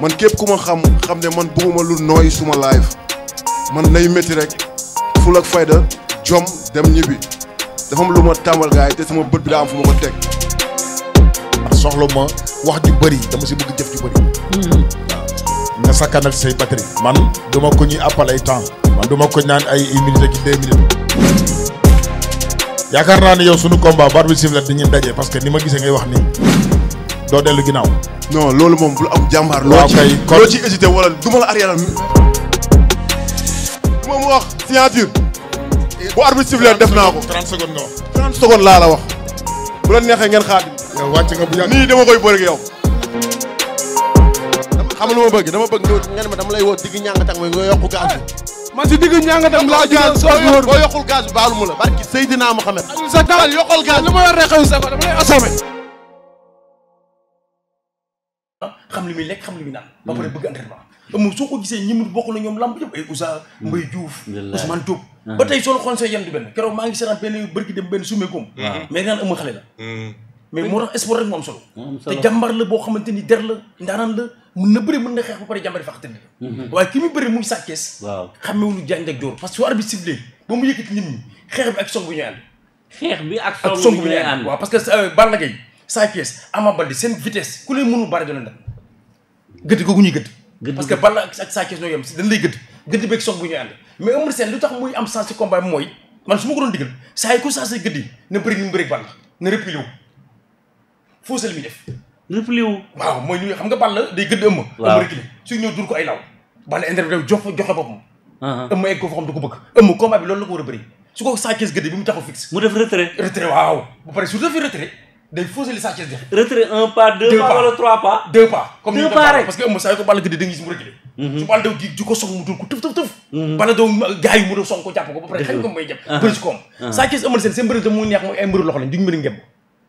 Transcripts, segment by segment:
man képp ku ma xam xam ne man bëgguma lu nooy suma live man nay métti rek ful ak fayda jom dem ñibbi dafa am lu ma tàmbal gaay te sama bët bi laa am fu ma ko teg. ndax soxla ma wax ju bëri dama si bugg jëf ju bëri. waaw hmm. nga sakkanal say batterie. man duma ko ñuy appal ay temps. man duma ko naan ay une minute ak yaakaar naa ne yow sunu combat bar bi siflet dañuy daje parce que ni ma gisee ngay wax nii. doo dellu ginnaaw. non loolu moom bu am jàmbaar. waaw kay loo ci hésité wala du ma la arrière am. moom wax signature. bu arbitre sifflé def naa ko. 30 secondes nga wax. laa wax. bu la neexee ngeen xaar. yow wàcc nga bu yàgg nii dama koy bëri yow. xam lu ma bëgg dama bëgg nga ne ma dama lay woo digg ñàngatang mooy nga yokku gaz bi. Eh, man si digg ñàngatang laa gaz boo boo yokkul gaz bi baalu ma la. barki Seydina Mohamed. sa dawal ma yor rek xëy sa dama lay assommé. Ah, xam li muy lekk xam li mi naan. ba pare mm. bëgg entraînement. amul soo ko gisee ñi mu bokk la ñoom lamb yëpp ay Ousa. Mbaye Diouf Ousmane Diop. Ah. ba tey soo xool mm-hmm. ah. la. Mm. solo. te jàmbar la boo xamante ni der la ndaanaan la mën na bëri mën na xeex ba pare jàmbar fax tëdd la. Mm-hmm. waaye ki muy bëri muy sàkkees. waaw xamewuñu jàng ak joor parce que su arbitre sifflé ba mu yëkkati nit ñi xeex bi ak song bi ñooy ànd. xeex bi ak song bi ñooy ànd waaw parce que euh, Balla Gaye Sa Thiès Ama Baldé seen vitesse ku leen mënul bari doon def gëdd googu ñuy gëdd. gëdd parce que Balla ak Sa Thiès ñoo yem dañ lay gëdd gëdd beeg soog bu ñuy tax muy am sens ci mooy man su ma ko doon digal saa yi ko sensé gëdd yi na bëri ni mu bëri Balla na replié wu mooy ñu xam nga Balla day gëdd Eumeu. waaw Eumeu reculé su ñëw dur ko jox joxe uh-huh. ko foo ko bëgg. Eumeu combat bi la su ko Sa Thiès gëdd bi mu taxaw fixe. mu def retrait retrait waaw bu pare su defee retrait day fausser li Sa Thiès def. retrait un pas deux, deux pas wala trois pas. deux pas comme ni pas rek parce que ëmb saa yu ko Balla gëdd da nga gis mu reculé. Mhm. su Balla daw ji ko sox mu dul ko tëf tëf tëf. Mhm. Balla daw gars yi mu doon sox ko jàpp ko ba pare xañ ko may jàpp. bëri si koom. Sa Thiès ëmb seen seen bëri da mu neex mooy ay mbiru loxo lañ duñ mën a ngemb.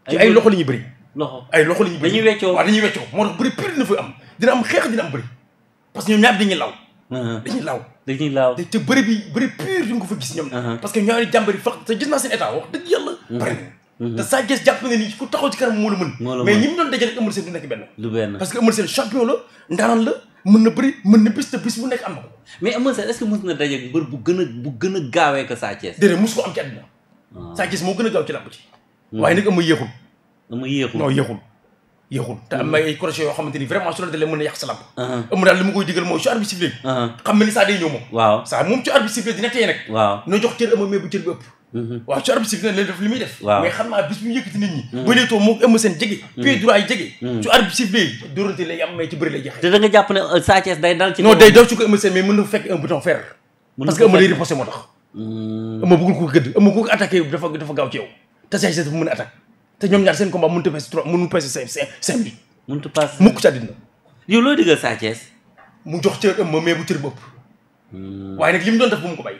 ci ay loxo la ñuy bëri. loxo ay loxo la ñuy bëri dañuy weccoo waaw dañuy weccoo moo tax bëri pire dina fa am dina am xeex dina am bëri parce que ñoom ñaar dañuy law dañuy laaw dañuy laaw te bëri bi bëri pire duñ ko fa gis ñoom parce que ñaari jàmbari fa te gis naa seen état wax dëgg yàlla pare mhm. Mhm. te Sa Thiès jàpp nga ni ku taxaw ci kanam moo la mën mais ñi nekk benn parce que Eumeu Sène champion nekk am na ko mais Eumeu a bu gën a gaawee ah. a gaaw ci làmb ci hmm. waaye nag Eumeu hmm. na yàq sa làmb ah. daal li ma koy digal mooy su arbitre sifflé ah. jox cër Eumeu mais bu cër bi ëpp Mhm. waaw ci arbitre bi nag def li muy def mais xam naa bis bu yëkkati nit ñi mhm. ba léetoo moo ëmb seen jege mhm. pied droit yi jege su arbitre bi lay de lay am mais ci euh, ci non day mais mën ci yow te hmm. waaye nag li doon def bu mu ko bàyyi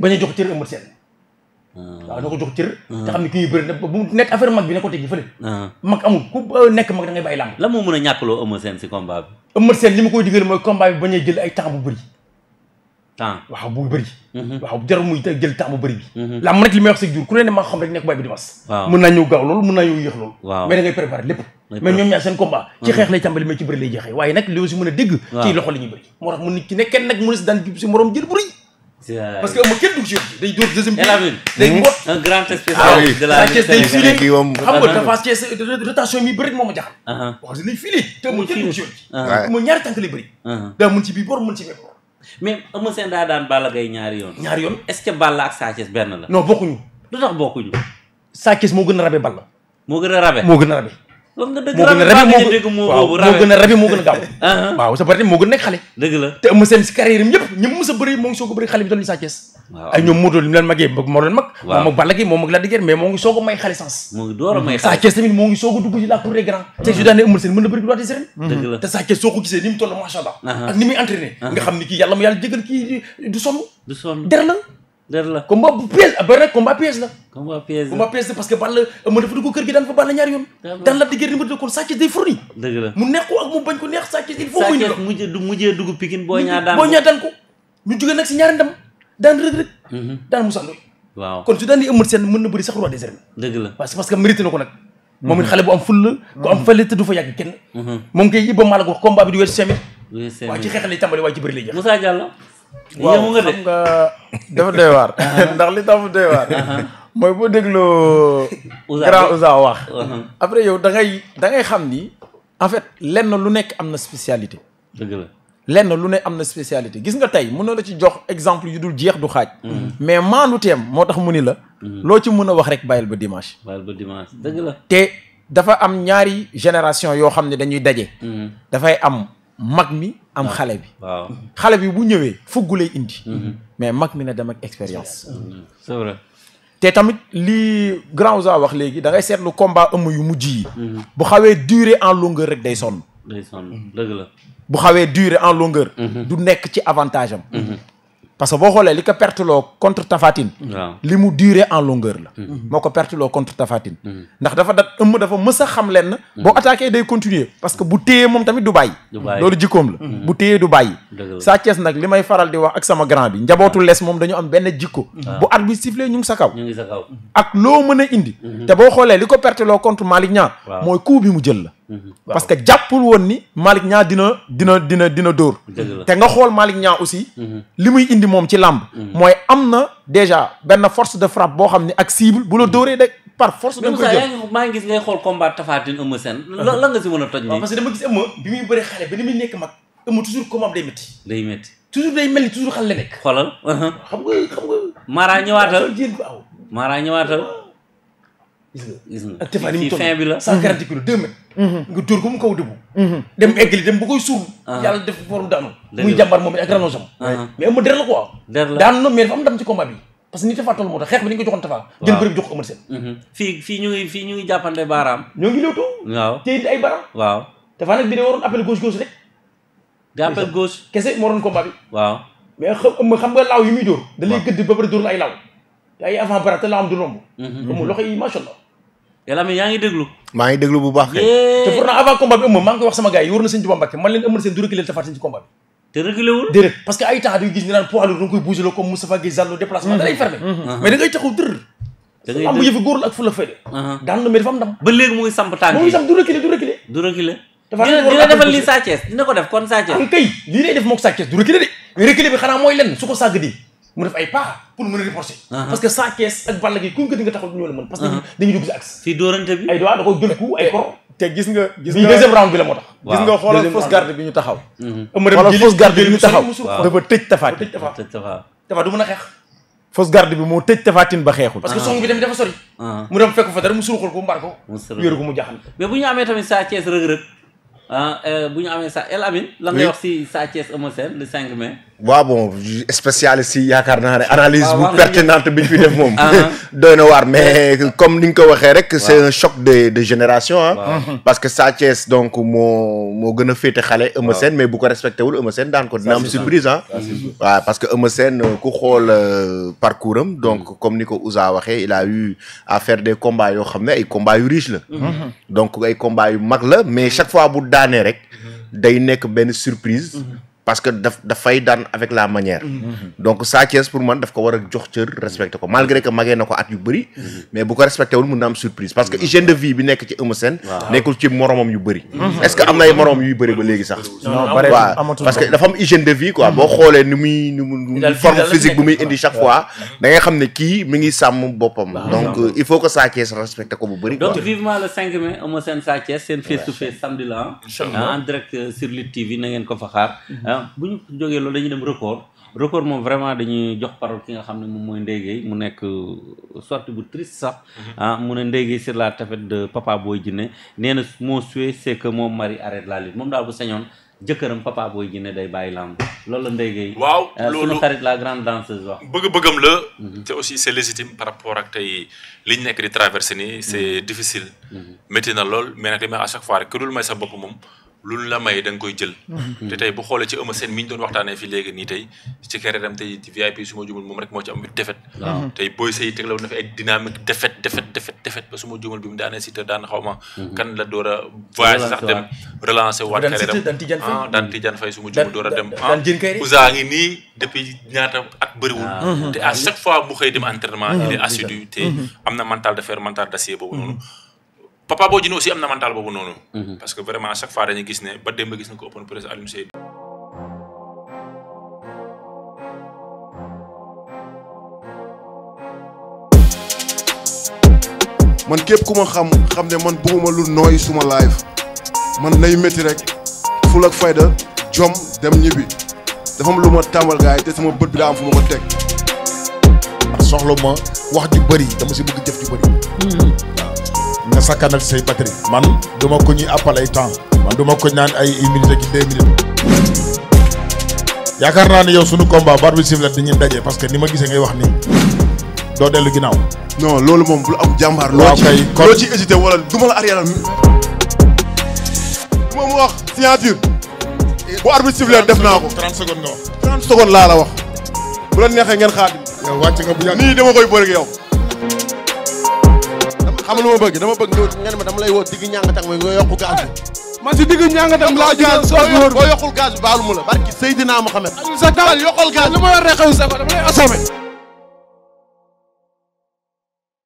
bañ a jox cër Eumeu Sène ah. waaw na ko jox cër ah. te xam ne bu nekk bi ne ko teg ji fële ah. nekk la moo mën a ñàkkloo Eumeu Sène si combat bi Eumeu li a jël ay mhm. mhm. may wax si jur ku ne ne maa nekk bàyyi bi di mas mën naa ñëw gaaw loolu mën naa ñëw yéex loolu mais da ngay préparer lépp mais ñoom mhm. a dégg ci loxo moo tax mu nit ki ne kenn si daan jub si morom jël bu parce que kenn dugg ci yoon bi day dóor deuxième bi day hmm? mot un grand ah spécialiste de la Thiès day filé xam nga dafa Thiès mi bëri moo ma jaxal uh-huh. wax si lay filé te mu kenn dugg ci yoon bi uh-huh. moom ñaari tànk lay uh-huh. daa mun ci bii bor mun ci bee bor mais Eumeu Sène daa daan Balla Gaye ñaari yoon ñaari yoon est-ce que Balla ak Sa Thiès benn la non bokkuñu lu tax bokkuñu Sa Thiès moo gën a rabe Balla moo gën a rabe moo gën a rabe wax moo gën a rabi moo gën a gaaw ah, ah. waaw sa bëri moo gën nekk xale dëgg la te Eumeu Sène si carrière am yëpp ñëpp mës a moo ngi a mag moo mag Balla moo mag Lac de Guiers moo ngi soog a may xale sens Sa Thiès tamit moo ngi soog a dugg ci la cour des grands mm. te su daanee Eumeu Sène mën na bëri droit des arènes te Sa Thiès soo ko gisee ni mu toll macha ak ni muy entraîné nga xam ni kii yàlla mu yàlla jëgal kii du sonn der la dër la combat bu piège ah, ba rek combat piège la. combat piège la combat piège la parce que Balla ma dafa dugg kër gi daan fa Balla ñaari yoon. daan la diggante ma dugg kon Sa Thiès day fourni. dëgg mu neex ko ak mu bañ ko neex Sa si ñaari ndam daan Reug Reug. Mhm. daan Moussa Ndoye. kon su daan di ëmmat seen mën na bëri sax roi des arènes. dëgg la parce que mérité na ko mhm. mhm. bi du weesu cinq minutes. waaw xeex lay tàmbali waaye ci bëri lay jeex. Moussa Diallo waaw xam nga dafa doy waar uh-huh. ndax li tax mu doy waar uh-huh. mooy boo dégloo grand ousa wax uh-huh. après yow da ngay da xam ni en fait lenn lu nekk am na spécialité dëgg la lenn lu ne am na spécialité gis nga tey mun na la ci jox exemple yu dul jeex du xaaj mais maanu teem moo tax mu ni la loo ci mën a wax rek bàyyil ba dimanche bàyyil ba dimanche dëgg la te dafa am ñaari génération yoo xam ne dañuy daje dafay am mag mi am ah. xale bi. xale bi bu ñëwee fugg lay indi. Mhm. mais mag mi na dem ak expérience. Mhm. te tamit li grand Ouza wax léegi dangay seetlu combat ëmm yu mujj yi. Mhm. bu xawee dure en longueur rek day sonn. day sonn bu xawee durer en longueur. du nekk ci avantage am. parce que boo xoolee li ko perteloo contre Tafatine. li mu durer en longueur la. Mm-hmm. moo ko perteloo contre Tafatine. Mm-hmm. ndax dafa da ëmm dafa mës a xam lenn. Mm-hmm. boo attaqué day continuer parce que bu téyee moom tamit du bàyyi. loolu jikkoom la. bu téyee du bàyyi. Sa Thiès nag li may faral di wax ak sama grand bi njabootu les moom dañu am benn jikko mm-hmm. bu at bi sifflé ñu sa kaw mm-hmm. ak loo mën a indi mm-hmm. te boo xoolee li ko perte loo contre Malick Niang mooy coup bi mu jël la parce que jàppul woon ni Malick Niang dina dina dina dina dóor te nga xool Malick Niang aussi li muy indi moom ci làmb mooy am na déjà benn force de frappe boo xam ne ak cible bu la dóoree de par force da nga ko jël maa ngi gis ngay la nga si mën a ëmb toujours combat day métti. day métti toujours day mel ni toujours xale la nekk. xoolal. xam nga xam nga. Mara ñëwaatal Mara ñëwaatal. gis nga gis nga ak Tefane mu toll fin bi la. cent quarante kilos deux mètres. Mhm. nga dóor ko mu kaw dëbbu. Mhm. dem eggali dem bu koy suul. yàlla def forum daanu. muy jàmbar moom it ak rallongeam. mais ëmb der la quoi. der la daanu na mais dafa am ndam ci combat bi. parce que ni Tafa toll moo tax xeex bi ni ñu ko joxoon Tafa. waaw jël bëri bi jox ko Eumeu Sène. Mhm. fii fii ñu ngi fii ñu ngi jàppante baaraam. ñoo ngi léewtoo. waaw te indi ay baaraam. waaw Tafa nag bi ne waroon appel gauche gauche rek gàppal gauche kese moo doon combat xam xam laaw yi muy dóor gëdd ba pare dóor laaw te ay avant bara te laaw du romb ëmm loxo yi macha allah yàlla mais yaa ngi maa ngi déglu bu baax te pourtant avant combat bi ëmm maa wax sama gars yi wóor na sëñ Tuubaa Mbàkke man leen ëmmal seen du seen ci combat wul déedéet parce que ay temps dañuy gis ñu naan poids lourd da nga koy comme Moustapha Guèye Zallo déplacement da lay fermé mhm. mhm. mais da ngay la ak fu la fay de mhm. daan la mais ba léegi mu ngi dafa dina defal lii Sa dina ko def kon Sa ah, mu def a nga uh-huh. di nga taxaw du a xeex fausse garde que uh-huh. song bi tamit dafa sori uh-huh. mu dem fekk fa dara mu suruxal ko mbar ko wéeru ko mu jaaxal mais bu ñu amee tamit Sa rëg-rëg Ah, euh, bu ñu amee sa El Amin. lan ngay si Sa Thiès Eumeu le cinq mai. waaw bon spécialiste si yaakaar naa ne analyse bu pertinente bi ñu fi def moom ah, ah. doy na waar mais comme ni nga ko waxee rek c'est un choc de de génération mm-hmm. parce que Sa Thiès donc moo moo gën a féete xale Eumeu Sène mais bu ko respecté wul Eumeu seen daan ko dina am surprise ah waaw parce que Eumeu seen ku xool euh, parcours am donc mm-hmm. comme ni ko Ousa waxee il a eu à faire des yoo xam ne ay combats yu riche la mm-hmm. donc ay combats yu mag la mais chaque fois bu daanee rek day nekk benn surprise parce que daf dafay daan avec la manière. Mm-hmm. Mm-hmm. donc Sa pour man daf ko war a jox cër ko malgré que magee ko at yu bëri. Mm-hmm. mais bu ko respecté wul mun na surprise parce que hygiène de vie bi nekk ci Eumeu nekkul ci moromam yu bëri. est-ce que am na yu bëri ba léegi sax. parce que dafa am hygiène mu ngi sàmm boppam. donc il faut que Sa Thiès ko bu bëri quoi. vivement le 5 mai Eumeu Sène seen face to face samedi la en euh, sur maintenant bu ñu jógee loolu dañuy dem record record moom vraiment dañuy jox parole ki nga xam ne moom mooy Ndeye mu nekk euh, sortie bu triste sax mhm. ah mu ne Ndeye la tête de Papa booy Djiné nee na mon souhait c'est que mon mari moom daal bu sañoon jëkkëram Papa Boy Djiné day bàyyi lamb loolu la Ndeye waaw ah, loolu sunu xarit la grande danseuse wax bëgg-bëggam la mhm. te aussi c'est légitime par rapport ak tey li ñu nekk di traversé nii c'est mhm. difficile métti na lool mais nag li may à chaque fois rek ku dul moom lu la may da nga koy jël. Mm-hmm. Mm-hmm. te tey bu xoolee ci Eumeu Sène mi doon waxtaanee fii léegi nii tey ci carrière am tey ci VIP su ma moom rek moo ci am huit défaite. Mm-hmm. tey Boy Sèye tegloo na fi ay dynamique défaite défaite défaite défaite ba su ma jumal bi mu daan xaw ma. kan la door a voyage sax dem relancer waat carrière am daan Tidiane Faye ah, daan Tidiane Faye su ma jumal door a dem. daan jën kay ah, usa ngi nii depuis ñaata ak bëriwul. Ah, te a chaque fois mu xëy dem entraînement il est assidu te am na mental de fer mental d'acier boobu noonu. papa boo jëlee aussi am na mental boobu noonu. Mhm. parce que vraiment chaque fois dañuy gis ne ba démb gis na ko open man képp ku ma xam xam ne man bëgguma lu nooy suma live man nay métti rek ful ak fayda jom dem ñibbi dafa lu ma tàmbal te sama bët bi daa am fu ma ko teg. soxla ma wax ju bëri dama si bëgg jëf ju bëri. Mhm. waaw. sakkanal say batterie man du ma ko ñuy appal ay temps man du ma naan ay une minute ak deux minutes yaakaar naa ne yow sunu combat bar bi siflet dañuy daje parce que ni ma gisee ngay wax nii doo dellu ginnaaw. non loolu moom bu am jàmbaar. loo ci loo ci hésité wala du ma la arrière mi. moom wax signature bu arbitre sifflé def naa ko 30 secondes nga wax. bu la neexee ngeen xaar. nii dama koy bëri ak yow. xam lu ma bëgg dama bëgg nga ne ma dama lay woo digg ñàngatang mooy nga yokku gaz bi man si laa gaz soo wóor boo yokkul gaz bi mu la barki Seydina Mohamed sa taal yokkal ma yor rek xew sa dama